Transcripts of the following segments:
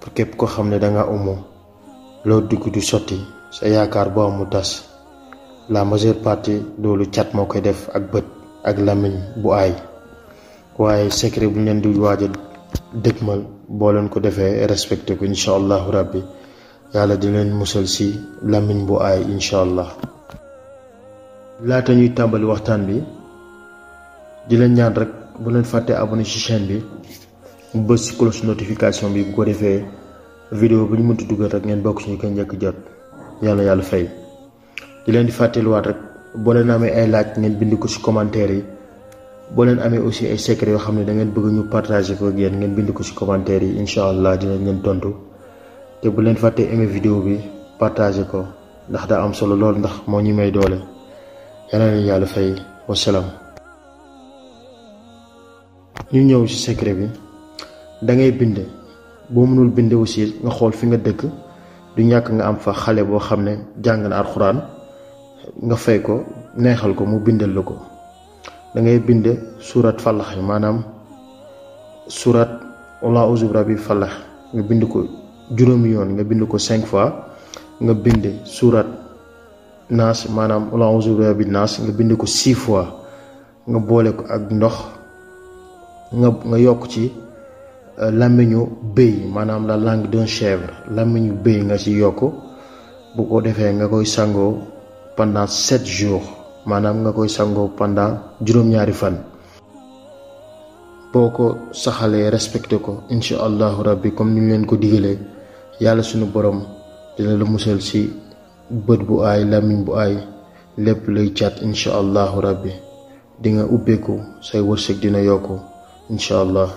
pour képp ko xam ne danga umu loo dugg du sotti sa yaakaar boo amu tas la majeure partie loolu cat moo koy def ak bët ak làmmiñ bu ay waaye secret bu leen di waaj a dëgmal boo leen ko defee respecté ko incha allahu rabbi yàlla di leen musal si làmmiñ bu aay incha allah laata ñuy tàmbali waxtaan bi di leen ñaan rek bu leen fàttee abonné ci chaîne bi bës ci cloche notification bi bu ko defee vidéo bu ñu mënti dugal rek ngeen bokk ci njëkk jot fay di leen di fàttaliwaat rek ay commentaire yi aussi ay secret yoo xam da ngeen bëgg ñu partager ko commentaire yi incha dinañ leen tontu te bu leen fàttee aimé vidéo bi partager ko ndax daa am solo lool ndax moo ñu may doole secret dangay bind boo mënul bind aussi nga xool fi nga dëkk du ñàkk nga am fa xale boo xam ne jàng na alxuraan nga fay ko neexal ko mu bindal la ko dangay ngay bind surat falax yi maanaam surat ola uzubra bi falax nga bind ko juróomi yoon nga bind ko cinq fois nga bind suurat naas maanaam ola uzubra bi naas nga bind ko six fois nga boole ko ak ndox nga nga yokk ci Euh, làmmiñu bëy maanaam la langue d'un chèvre làmmiñu béy nga ci yokk bu ko defee nga koy sangoo pendant sept jours maanaam nga koy sangoo pendant juróom-ñaari fan boo ko saxalee respecté ko incha allahu rabbi comme ni ñu leen ko digalee yàlla sunu borom dina la musal ci bët bu aay làmmiñ bu aay lépp luy caat incha allahu rabbi di nga ubbeeku say wërsëg dina yokku incha allah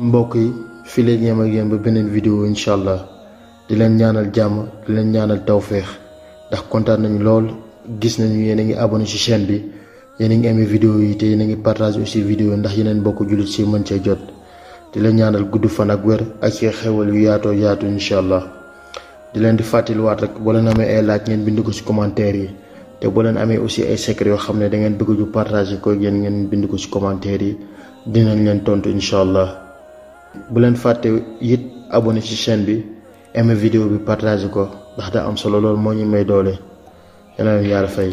mbok yi fii la ñeem ak yéen ba beneen vidéo inshallah di leen ñaanal jàmm di leen ñaanal tawféex ndax kontaan nañu lool gis nañu yéen a ngi abonné ci chaîne bi yéen a ngi aimé vidéo yi te yéen a ngi aussi vidéo ndax yeneen bokk jullit si mën cee jot di leen ñaanal gudd fan ak wér ak ci xewal yu yaatoo yaatu inshallah di leen di fàttaliwaat rek boo leen amee ay laaj ngeen bind ko ci commentaire yi te boo leen amee aussi ay secret yoo xam ne da ngeen bëgg ñu partager ko yéen ngeen bind ko ci commentaire yi dinañ leen tontu inshallah. bu leen fàtte it abonné ci chaîne bi aimé vidéo bi partagé ko ndax da am solo loolu moo ñu may doole yal na leen fay